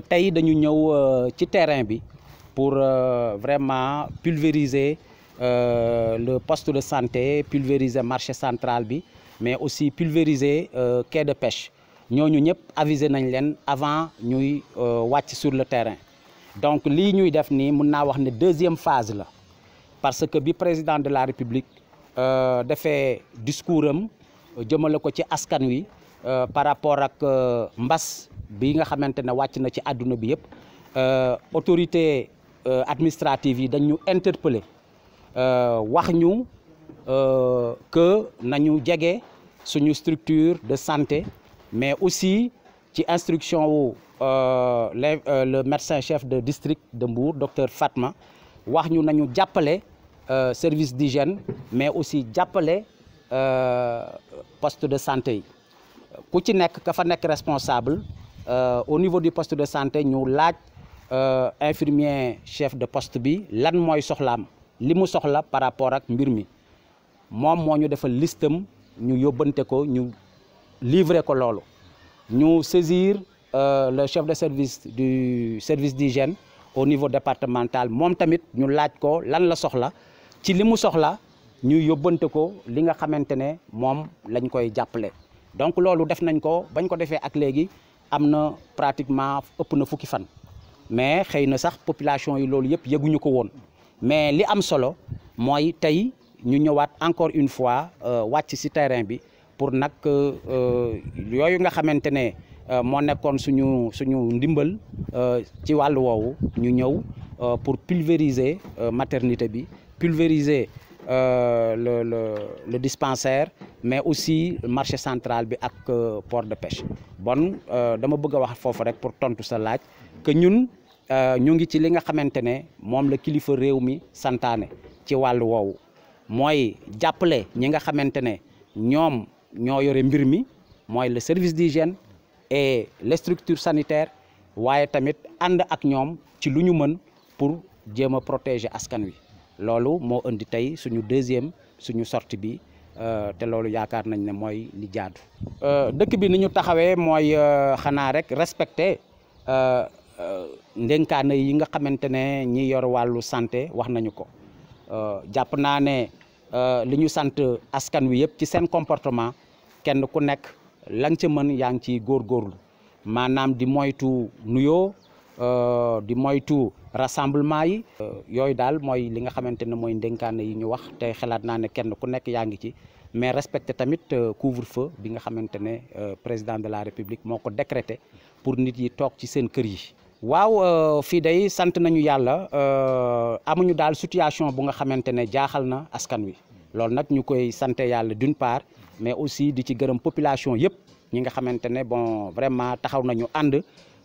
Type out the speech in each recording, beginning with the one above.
tay dañu ñëw euh, ci terrain bi pour euh, vraiment pulvériser euh, le poste de santé pulvériser marché central bi mais aussi pulvériser quai de pêche Nous avons avisé nañ leen avant ñuy wacc sur le terrain donc li ñuy def ni wax deuxième phase parce que bi président de la république defee discours am discours ko ci askan euh, par rapport à euh, Mbass, bi nga xamante ne wàcc na ci euh, autorité administrative nous interpellé euh, interpeller que nañu jege structure de santé mais aussi ci instruction euh, le médecin chef de district de Mbour docteur Fatma wax ñu nañu jàppale service d'hygiène mais aussi euh, poste de santé ku ci nek ka fa nek responsable euh, au niveau du poste de santé ñu laaj euh, infirmier chef de poste bi lan moy soxlam limu soxla par rapport ak mbir mi moom moo ñu defal listam ñu yobante ko ñu livrer ko lolu ñu saisir euh, le chef de service du service d'hygiène au niveau départemental mom tamit ñu laaj ko lan la soxla ci limu soxla ñu yobante ko li nga xamantene mom lañ koy jàppale donc ce def nañ ko bañ ko ak pratiquement ëpp na fukki fan mais xeyna sax population yi yëpp ko won mais li am solo moy tay ñu encore une fois euh, ci terrain pour que, euh, euh, nga suñu suñu pour pulvériser maternité pulvériser le le dispensaire mais aussi marché central bi ak euh, port de pêche bon euh, dama bëgg a wax foofu rek pour tontu sa laaj que ñun euh, ñu ngi ci li nga xamante ne moom la kilifa réew mi santaane ci wàllu woowu mooy jàppale ñi nga xamante ne ñoom ñoo yore mbir mi mooy le service d'hygiène et les structures sanitaires waaye tamit and ak ñom ci luñu ñu mën pour jéem protéger askan wi lolu mo andi tay suñu deuxième suñu sortie bi Euh, te loolu yaakaar nañ ne mooy li jaadu. Euh, dëkk bi ni ñu taxawee mooy euh, xanaa rek respecté ndénkaane yi nga xamante ne ñi yor wàllu sante wax nañu ko jàpp naa ne li ñu sant askan wi yëpp ci seen comportement kenn ku nekk la nga ca mën yaa ngi ciy góorgóorlu maanaam di moytu nuyoo Euh, di moytu rassemblement yi. Euh, yoy dal moy li nga xamantene moy mooy yi ñu wax te xelat na ne kenn ku nek yaangi ci mais respecter tamit euh, couvre-feu bi nga xamantene ne président de la république moko ko décrété pour nit yi tok ci seen kër yi. waaw fi day sant nañu yàlla amuñu daal situation bu nga xamante ne jaaxal na askan wi loolu nag ñu koy sant yàlla d'une part mais aussi di ci gërëm population yëpp ñi nga xamante ne bon vraiment taxaw nañu ànd.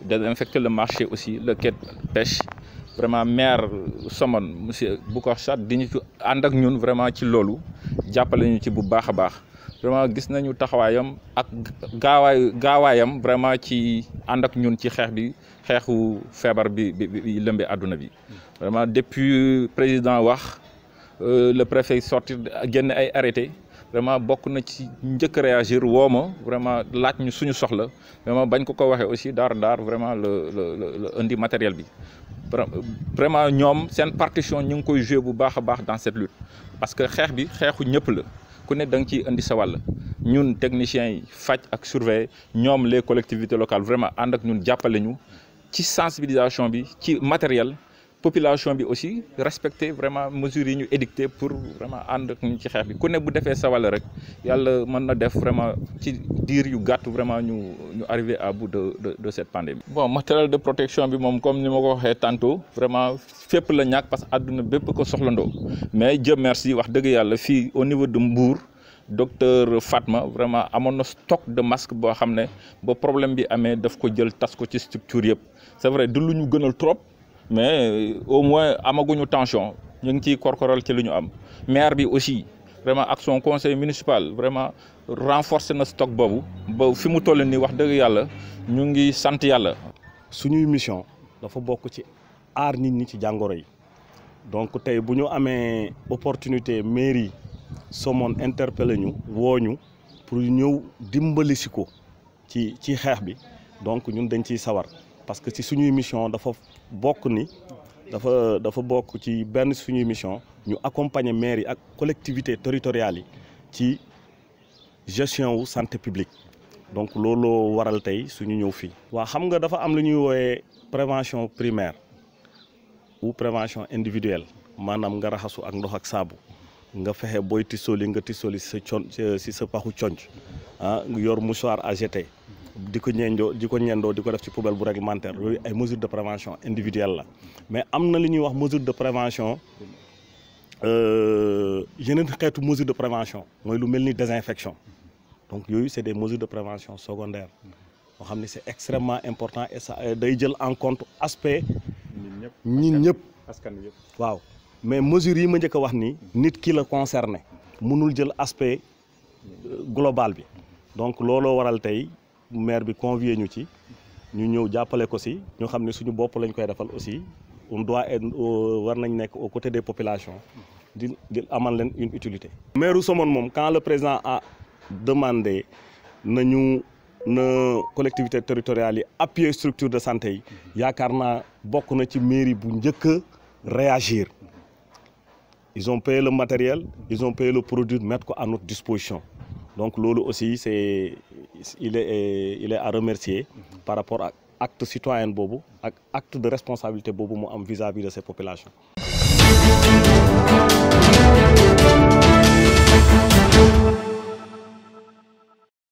désinfecter le marché aussi, le quai de pêche. Vraiment, maire Somon, monsieur Boukorchat, nous sommes vraiment ci lolu jappalé ñu ci bu baaxa baax vraiment gis nañu taxawayam ak gaawaay gaawaayam vraiment ci andak ak ñun ci xex bi xexu febar bi bi lëmbe bi vraiment depuis président wax euh, le préfet sorti génn ay arrêté vraiment bokk na ci njëkk réagir vraiment là vraiment sommes ñu suñu soxla vraiment bañ ko ko aussi dar dar vraiment le le indi matériel bi vraiment ñoom seen partition ñu ngi koy joué bu baax a baax dans cette lutte parce que xeex bi xeexu ñëpp la ku ne da nga ciy indi sa wàll ñun techniciens yi faj ak surveiller nous les collectivités locales vraiment en ak ñun jàppale ñu ci sensibilisation bi ci matériel population bi aussi respecter vraiment mesures yi ñu édicté pour vraiment and ak ci xeex bi ku ne bu défé sa wàll rek yalla mën na def vraiment ci diir yu gàtt vraiment ñu ñu arriver à bout de de de cette pandémie. bon matériel de protection bi mom comme ni ma ko waxee tantôt vraiment fépp la ñak parce que àdduna bépp ko soxlando mais Dieu merci wax deug yalla fi au niveau de Mbour. docteur Fatma vraiment amono stock de masque bo xamné bo problème bi amé daf ko jël tas ko ci structure yépp c'est vrai du lu ñu gënal trop mais euh, au moins amaguñu tension ñu ngi ciy korkoral ci luñu am maire bi aussi vraiment ak son conseil municipal vraiment renforcer na stock bobu ba fi mu toll nii wax deug yalla ñu ngi sante yalla suñu mission dafa bokk ci aar nit ñi ci jangoro yi donc tay buñu amé opportunité mairie somoon interpeller ñu woñu pour ñëw dimbali si ko ci ci xex bi donc ñun dañ ciy sawar parce que ci une mission dafa bokk ni dafa dafa bokk ci mission ñu accompagner maires yi ak collectivités territoriales ci gestion ou santé publique donc lolo waral tay suñu ñëw fi wa xam nga dafa am lu ñuy prévention primaire ou prévention individuelle manam nga raxasu ak ndox ak sabu nga fexé booy tisoli nga tisoli si ci con si sa paxu conc ah yor mouchoir à jeter di ko ñeendoo di ko ñeendoo di ko def ci poubelle bu réglementaire ay mesures de prévention individuelle mais am na lu ñuy wax mesure de prévention euh, yeneen xeetu mesure de prévention mooy lu mel désinfection donc yooyu c'est des mesures de prévention secondaires moo xam ne extrêmement important et ça euh, day jël en compte aspect ñin ñëpp waaw mais mesures yi ma njëkk wax ni nit ki la concerné mënul jël aspect euh, global bi donc lolo waral tey maire bi convié ñu ci ñu ñëw jappalé ko nous ñu xam suñu bop lañ koy defal aussi on doit être euh, war nañ nek aux côtés des populations di di amal leen une utilité. maire Somone mom quand le président a demandé nañu na collectivité territoriale appuyer structure de santé il yaakaar a na ci mairie bu réagir ils ont payé le matériel ils ont payé le produit mettre ko à notre disposition donc Lolo aussi il est il est à remercier par rapport à acte citoyen Bobo, acte de responsabilité Bobo vis-à-vis de ces populations